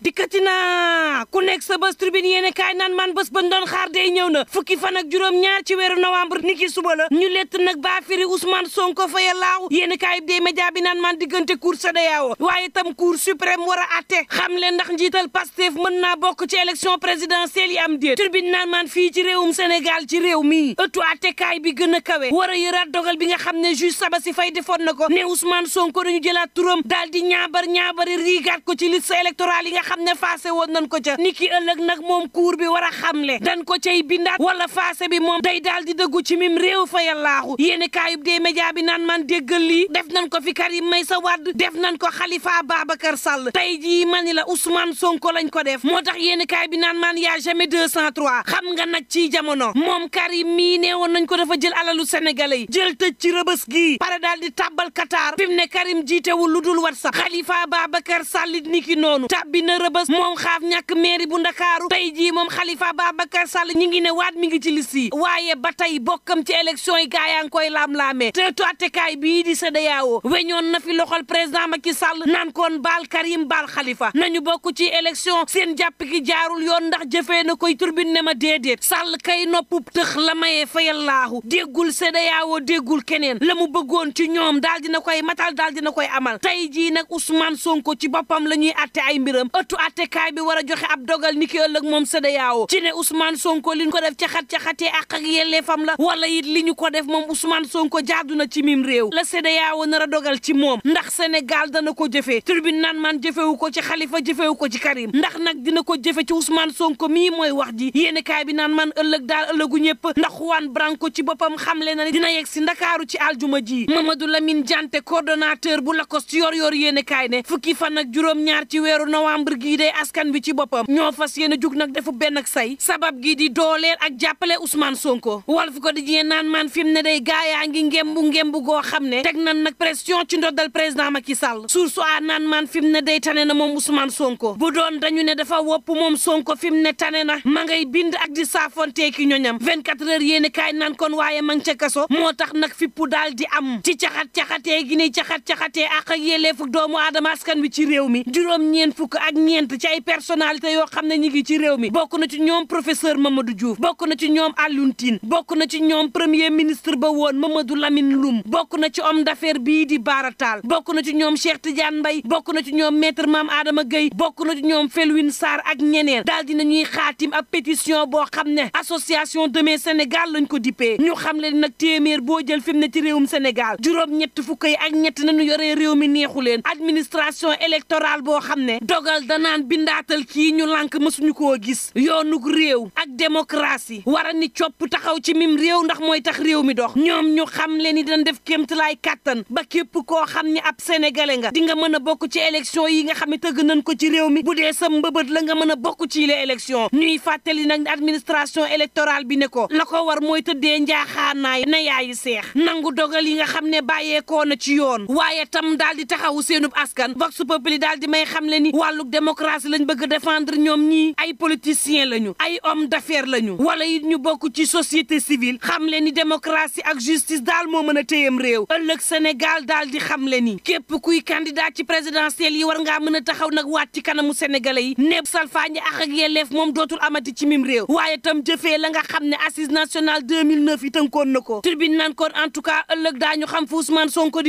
dikkati naa ku nekk sa bés tribune yéene kaay man bés ba doon xaar ñëw na fukki fan ak juróom-ñaar ci weeru novembre ni ki suba la ñu lett nag baa firi Ousmane Sonko faya a yéene kaay bi dee média bi naan man diggante cour CEDEAO waaye tam cour suprême war a atte xam leen ndax njiital Pastef mën naa bokk ci élection présidentielle yi am déet tribune naan man fii ci réewum Sénégal ci réew mii ëttu attekaay bi gën a kawe war a yëraat dogal bi nga xam ne juge Sabassi Faye defoon na ko ne Ousmane Sonko dañu jëlaat turam daal di ñaabar ñaabari ci liste xam ne faase woon nañ ko ca ni ki ëllëg nag moom cour bi war a le dan ko cay bindaat wala faase bi moom day daal di dëggu ci mim réew fa yàllaaxu yéeni kaayub dee média bi naan man déggal lii def nañ ko fi Karim Meïssa Wade def nan ko Khalifa Babacar Sall tey jii mani la Ousmane Sonko lañ ko def moo tax yéeni kaay bi naan man yaa jamais 203 xam nga nag ci jamono moom Karim mii nee woon nañ ko dafa jël alalu senegal yi jël tëj ci rëbës gi pare daal di tàbbal Qatar fi mu ne Karim jiitewul lu dul WhatsApp Khalifa Babacar Sall niki noonu tàbbi na rëbës moom xaaf ñàkk mairie bu ndakaaru tey jii moom xalifa baa Babacar Sall ñi ngi ne waat mi ngi ci liste waaye ba tey bokkam ci élection yi gaa yaa ngi koy laam-laamee te toatekaay bii di CEDEAO weñoon na fi loxol président Macky Sall naan koon baal Karim baal Khalifa nañu bokk ci élection seen jàpp gi jaarul yoon ndax jëfee na koy turbine ne ma déedéet Sall kay noppu tëx la mayee fayal laahu déggul CEDEAO déggul keneen la mu bëggoon ci ñoom daal dina koy matal daal dina koy amal tey jii nag Ousmane Sonko ci boppam la ñuy atte ay mbiram ëttu attekaay bi war a joxe ab dogal ni ki ëllëg moom CEDEAO ci ne Ousmane Sonko li ñu ko def ca xat ca xatee àq ak yelleefam la wala it li ñu ko def moom Ousmane Sonko jaadu na ci mim réew la CEDEAO nar a dogal ci moom ndax Sénégal dana ko jëfee tribune naan man jëfewu ko ci xalifa jëfewu ko ci Karim ndax nag dina ko jëfe ci Ousmane Sonko mii mooy wax ji yéenekaay bi naan man ëllëg daal ëllëgu ñëpp ndax Juan Branco ci boppam xam xamle na dina yegg si Ndakaaru ci aljuma ji Mamadou Lamine Diante coordonnateur bu Lacoste yor yor yéenekaay ne fukki fan ak juróom ñaar ci weeru novembre gii de askan bi ci boppam ñoo fas yéen a jug nag defu benn ak say sabab gii di dooleel ak jàppale Ousmane Sonko Walf Quotidien naan man fi ne day gaayaa ngi ngembu ngembu goo xam ne teg nan nag pression ci ndoddal président Macky Sall Source A naan man fi ne day tane na moom Ousmane Sonko bu doon dañu ne dafa wopp moom Sonko fi mu ne tane na ma ngay bind ak di saafonteeki ñoñam 24 heures yéen i kaay naan kon waaye ma ca kaso moo tax nag fippu daal di am ci caxat-caxatee gi ni caxat-caxatee ak ak yelleefu doomu aadama askan wi ci réew mi juróom ñeen fukk ak ñeent ci ay personalité yoo xam ne ñi ngi ci réew mi bokk na ci ñoom professeur Mamadou Diouf bokk na ci ñoom Alioune bokk na ci ñoom premier ministre ba woon Mamadou Lamine Loum bokk na ci homme d'affaires bii di Bara Tall bokk na ci ñoom Cheikh Tidiane mbay bokk na ci ñoom maître Mame Adama Gueye bokk na ci ñoom Felwine saar ak ñeneen daal na ñuy xaatim ab pétition boo xam ne association Demain Sénégal lañ ko dippee ñu xam leen nag téeméer boo jël fim ne ci réewum Sénégal juróom fukk yi ak ñett nañu yoree réew mi neexu leen administration électorale boo xam ne naan bindaatal kii ñu lànk mësuñu koo gis yoonug réew ak démocratie war a ni copp taxaw ci mim réew ndax mooy tax réew mi dox ñoom ñu xam leen ni dañ def kéemtalaay kàttan ba képp koo xam ni ab sénégalais nga di nga mën a bokk ci élection yi nga xam ne tëgg nañ ko ci réew mi bu dee sa mbëbët la nga mën a bokk ci les élections ñuy fàttali nag administration électorale bi ne ko la ko war mooy tëddee njaaxaanaay na yaayu seex nangu dogal yi nga xam ne bàyyeekoo na ci yoon waaye tam daal di taxawu seenub askan vox populi daal di may xam ni wàllug démocratie démocratie lañ bëgg défendre ñoom ñii ay politiciens lañu ay hommes d'affaires lañu wala it ñu bokk ci société civile xam ni démocratie ak justice daal moo mën a téyam réew ëllëg Sénégal daal di ni képp kuy candidat ci présidentielle yi war ngaa mën a taxaw nag waat ci kanamu sénégalais yi neeb salfaañi ak ak yelleef moom dootul amati ci mim réew waaye tam jëfee la nga xam ne assise nationale yi tënkoon na ko tribune naan en tout cas ëllëg daañu xam fu Ousmane Sonko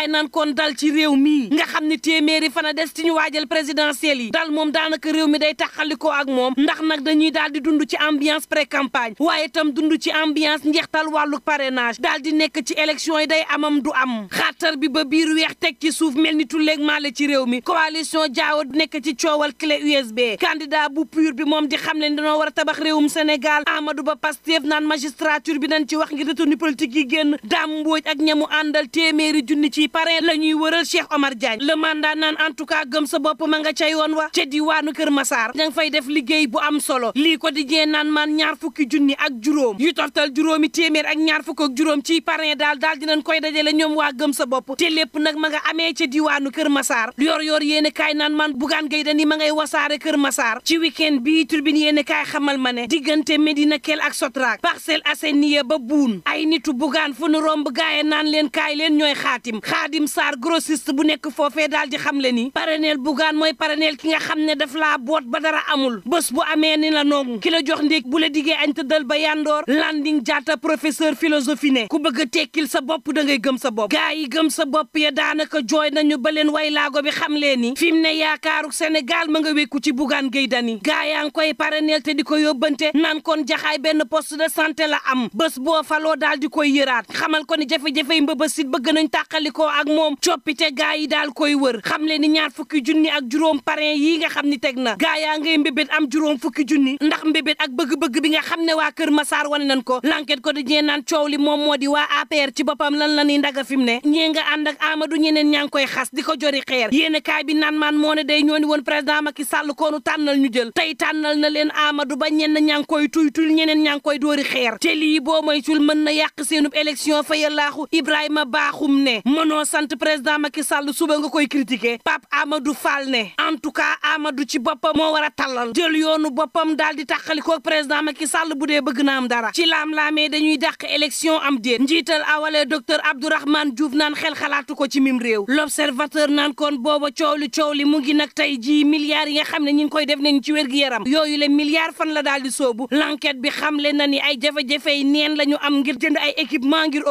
yéenekaay naan kon dal ci réew mi nga xam ne téeméeri fana des ci ñu waajal présidentielle yi dal moom daanaka réew mi day taxalikoo ak moom ndax nag dañuy daal di dund ci ambiance pré campagne waaye itam dundu ci ambiance njeextal wàllu parrainage daal di nekk ci élection yi day amam du am xaatar bi ba biir weex teg ci suuf mel ni tulleeg maale ci réew mi coalition jaawo nekk ci coowal clé USB candidat bu pur bi moom di xam ne dañoo war a tabax réewum Sénégal Amadou Ba Pastef naan magistrature bi nañ ci wax ngir retenu politique yi génn Dame Mbodj ak ñamu àndal téeméeri junni ci yi parrain la ñuy wëral Cheikh Omar Diagne le mandat naan en tout cas gëm sa bopp ma nga cay woon wa ca diwaanu Kër masaar ña fay def liggéey bu am solo lii ko di jee naan maan ñaar fukki junni ak juróom yu toftal juróomi téeméer ak ñaar fukk ak juróom ci parrain daal daal dinañ koy dajale ñoom waa gëm sa bopp te lépp nag ma nga amee ca diwaanu Kër Massar yor yor yéene kaay naan man bugaan gay dani ma ngay wasaare Kër Massar ci week-end bii turbine yéene kaay xamal ma ne diggante Médina Kell ak Sotrac Parcelles Assainies ba buun ay nitu bugaan fu nu romb gaaye naan leen kaay leen ñooy xaatim Khadim Sarr grossiste bu nekk foofee daal di xamle ni pareneel bugaan mooy pareneel ki nga xam ne daf laa boot ba dara amul bés bu amee ni la noogu ki jox ndéeg bu la diggee añ tëddal ba yandoor Landing Diatta professeur philosophie ne ku bëgg tekkil sa bopp da ngay gëm sa bopp gaa gëm sa bopp ya daanaka jooy nañu ba leen way laago bi xam xamle ni fi mu ne yaakaaru senegal ma nga wékku ci bugaan géy dani gaa yaa ngi koy pareneel te di ko yóbbante naan kon jaxaay benn poste de santé la am bés boo faloo daal di koy yëraat xamal ko ni jafe bëgg nañ tàqalikoo jokko ak moom coppite gaa yi daal koy wër xam le ni ñaar fukki junni ak juróom parrain yi nga xam ni teg na gaa yaa ngay mbébét am juróom fukki junni ndax mbébét ak bëgg-bëgg bi nga xam ne waa Kër Masaar wane nañ ko l'enquête ko jee naan coow li moom moo di waa APR ci boppam lan la ni ndaga fi mu ne ñee nga ànd ak Amadou ñeneen ñaa ngi koy xas di ko jori xeer yéen kaay bi naan maan moo ne day ñoo ni woon président Macky Sall koonu tànnal ñu jël tey tànnal na leen Amadou ba ñenn ñaa ngi koy tuy tul ñeneen ñaa ngi koy dóori xeer te lii boo moytul mën na yàq seenub élection fa yallaaxu Ibrahima Bakhoum ne ñoo sant président Macky Sall suba nga koy critiquer Pape Amadou Fall ne en ci boppa moo war a tallal jël yoonu boppam daal di ko président Macky Sall bu dee bëgg na am dara ci laam-laamee dañuy dàq élection am déet njiital awalee docteur Abdourahmane Diouf naan xel xalaatu ko ci mim réew l'observateur naan kon booba coow li coow li mu ngi nag tey jii milliards yi nga xam ne ñi ngi koy def nañu ci wér gi yaram yooyu le milliards fan la daal di soobu l'enquête bi xamle na ni ay jafe yi neen la ñu am ngir jënd ay équipement ngir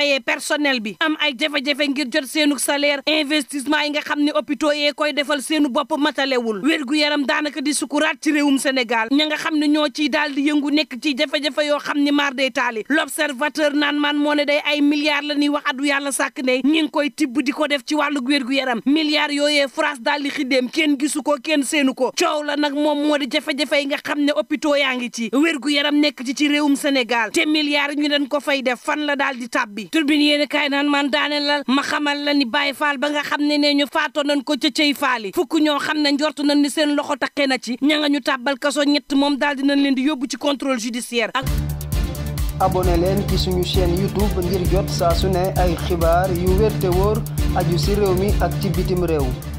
yi personnel bi am ay jafe-jafe ngir jot seenu salaire investissement yi nga xam ne hôpitaux yee koy defal seenu bopp matalewul wér-gu-yaram daanaka di sukuraat ci réewum Sénégal ña nga xam ne ñoo ciy daal di yëngu nekk ci jafe-jafe yoo xam ne maar day taali l'observateur naan man moo ne day ay milliards la ñuy wax adu yàlla sàkk ne ñi ngi koy tibb di ko def ci wàllu wér-gu-yaram milliards yooyee France daal di xiddeem kenn gisu ko kenn seenu ko coow la nag moom moo di jafe yi nga xam ne hôpitaux yaa ngi ci wér yaram nekk ci ci réewum Sénégal te milliards ñu leen ko fay def fan la kaay naan man daane la ma xamal la ni Baye Fall ba nga xam ne ne ñu faatoo nañ ko ca cey faal yi fukk ñoo xam ne njort nañ ni seen loxo taqee na ci ña nga ñu tàbbal kaso moom daal dinañ leen di yóbbu ci contrôle judiciaire ak abonné leen ci suñu chaîne youtube ngir jot saa su ne ay xibaar yu wér te wóor aju si réew mi ak ci bitim réew